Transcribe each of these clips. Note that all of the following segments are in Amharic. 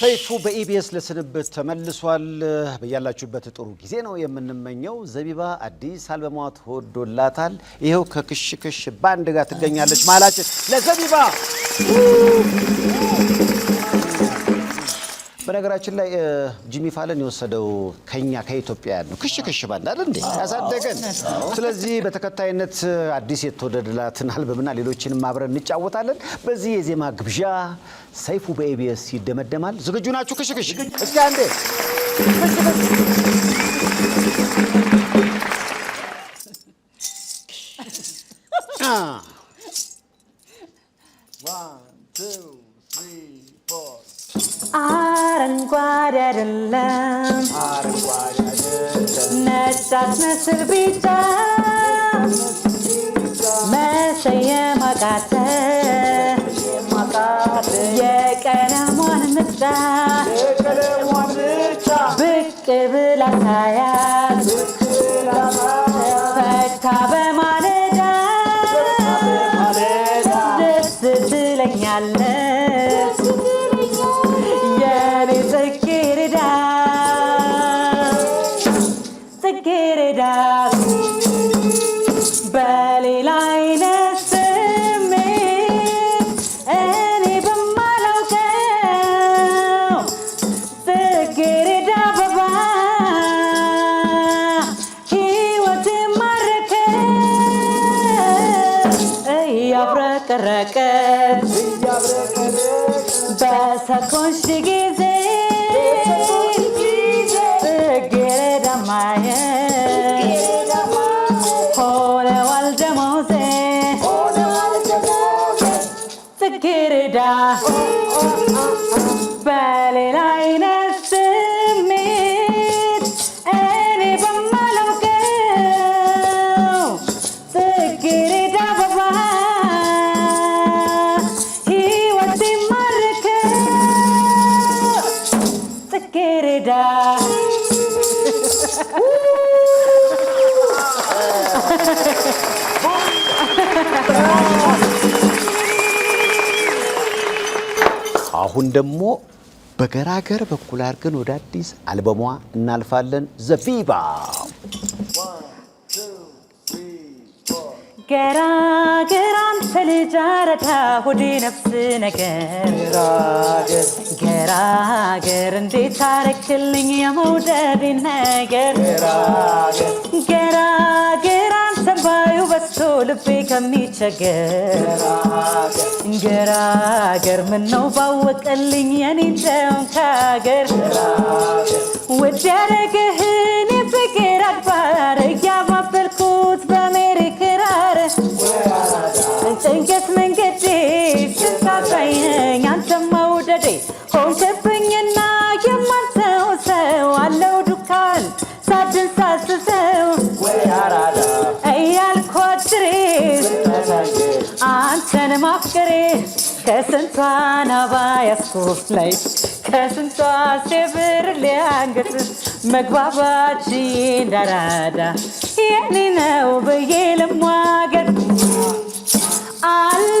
ሰይፉ በኢቢኤስ ለስንብት ተመልሷል። በያላችሁበት ጥሩ ጊዜ ነው የምንመኘው። ዘቢባ አዲስ አልበሟ ተወዶላታል። ይኸው ከክሽክሽ ባንድ ጋር ትገኛለች። ማላችን ለዘቢባ በነገራችን ላይ ጂሚ ፋለን የወሰደው ከኛ ከኢትዮጵያ ነው። ክሽ ክሽ ባንድ አይደል እንዴ ያሳደገን። ስለዚህ በተከታይነት አዲስ የተወደድላትን አልበምና ሌሎችንም አብረን እንጫወታለን። በዚህ የዜማ ግብዣ ሰይፉ በኤቢኤስ ይደመደማል። ዝግጁ ናችሁ? ክሽ ክሽ እስኪ አንዴ አረንጓዴ አይደለም ነጭ መስል ቢጫ መሸየም አቃተ የቀለሟን ምርጫ ብቅ ብላ ሳያት እያብረቀረቅ በሰኮንሽ ጊዜ እገረዳማየ ሆነዋል ደሞዜ አሁን ደግሞ በገራገር በኩል አድርገን ወደ አዲስ አልበሟ እናልፋለን። ዘቪባ ገራገር አንተ ልጅ አረዳ ሆዴ ነፍስ ነገር ገራገር እንዴት ታረክልኝ የመውደድ ነገር ገራገር ሰባዩ ባዩ ልቤ ከሚቸገር ምን ነው ባወቀልኝ የኔን ደም ከሀገር ውድ ያረገህን የፍቅር አግባር እያባበልኩት በሜሪ ክራር ጭንቀት መንገዴ ስታሳይነኝ አንተማ ውደዴ ሆንክብ ከስንቷ ናባ ያስኮፍ ላይ ከስንቷ ሴብር ሊያንገት መግባባት እንዳራዳ የኔ ነው ብዬ ልሟገር አለ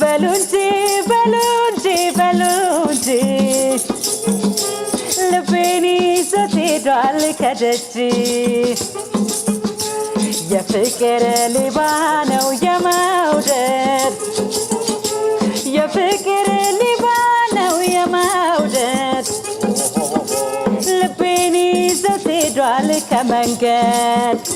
በሉ እንጂ በሉ እንጂ በሉ እንጂ ልቤን ይዞት ሄዷል ከደጅ የፍቅር ሌባ ነው የመውደድ የፍቅር ሌባ ነው የመውደድ ልቤን ይዞት ሄዷል ከመንገድ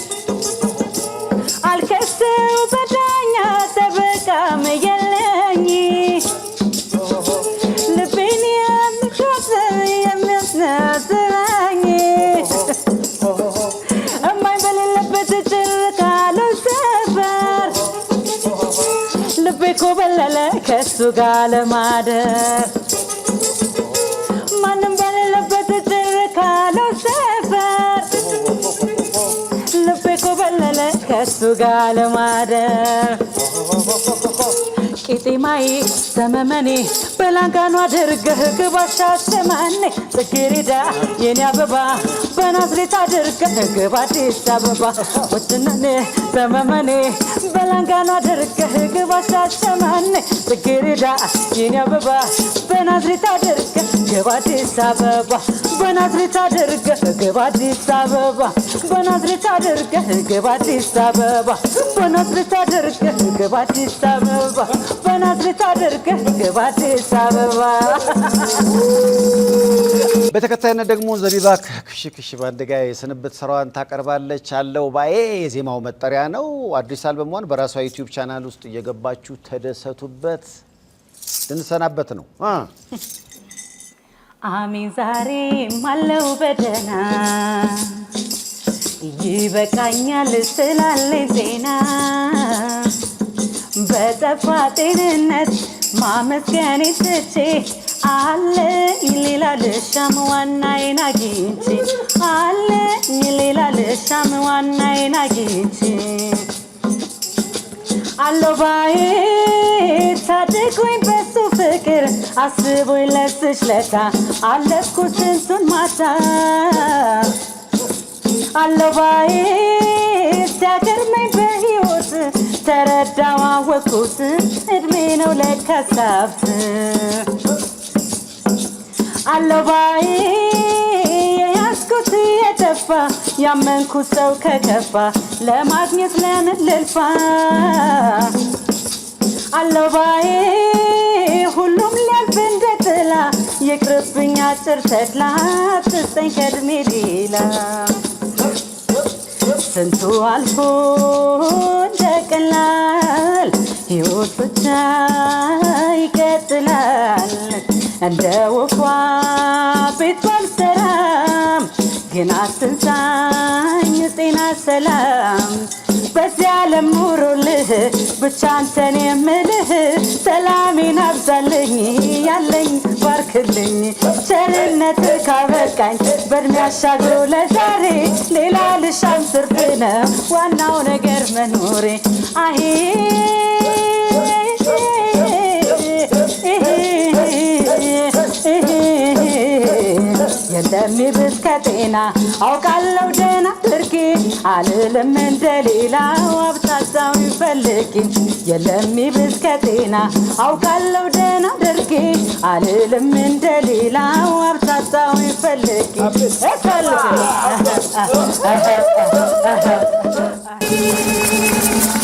ልቤ ኮበለለ ከሱ ጋር ለማደር ማንም በሌለበት ጭር ካለው ሰፈር ልቤ ኮበለለ ከሱ ጋር ለማደር ቄጤማዬ ተመመኔ በላንጋኗ አድርገህ ግባ ሻሸመኔ ጽጌሬዳ የኔ አበባ በናዝሬት አድርገህ ግባ አዲስ አበባ ወትነኔ ተመመኔ በላንጋኗ አድርገህ ግባ ሻሸመኔ ጽጌሬዳ የኔ አበባ በናዝሬት አድርገ ግባ አዲስ አበባ በናዝሬት አድርገ ግባ አዲስ አበባ በናዝሬት አድርገ ግባ አዲስ አበባ በናዝሬት አድርገ ግባ አዲስ አበባ በናዝሬት አድርገ ግባ አዲስ አበባ። በተከታይነት ደግሞ ዘቢባ ክሽ ክሽ በአንድ ጋ የስንብት ስራዋን ታቀርባለች። አለው ባዬ የዜማው መጠሪያ ነው። አዲስ አልበሟን በራሷ ዩቲዩብ ቻናል ውስጥ እየገባችሁ ተደሰቱበት። ልንሰናበት ነው። አሜን። ዛሬ ማለው በደህና ይበቃኛል ስላለኝ ዜና በጠፋ ጤንነት ማመስገኔ ትቼ አለኝ ሌላ ልሻም ዋናዬን አግኝቼ አለኝ ሌላ ልሻም ዋናዬን አግኝቼ አለው ባዬ ታድጎኝ በሱ ፍቅር አስቦኝ ለስሽ ለታ አለኩ ስንቱን ማታ አለው ባዬ ሲያገርመኝ በሕይወት ተረዳው አወቅኩት እድሜ ነው ለከሳብት አለው ባዬ የያዝኩት ከፋ ያመንኩት ሰው ከከፋ ለማግኘት ለንልልፋ አለው ሁሉም ሊያልፍ እንደ ጥላ የቅርብኝ አጭር ተድላ ትስጠኝ ከድሜ ሌላ ስንቱ አልፎ እንደቀላል ህይወት ብቻ ይቀጥላል እንደ ወፏ ቤቷ ጤና ስልጣኝ ጤና ሰላም በዚህ ዓለም ኑሮልህ ብቻ አንተን የምልህ ሰላሜን አብዛልኝ ያለኝ ባርክልኝ ቸርነት ካበቃኝ በእድሜ አሻግሮ ለዛሬ ሌላ ልሻም ስርፍ ነው ዋናው ነገር መኖሬ አሄ የለም ብስከ ጤና አውቃለሁ ደህና አድርጌ አልልም እንደሌላው አብዛዛው ይፈልግ የለም ይብስ ከጤና አውቃለሁ ደህና አድርጌ አልልም እንደሌላው አብዛዛው ይፈልግ ይፈልግ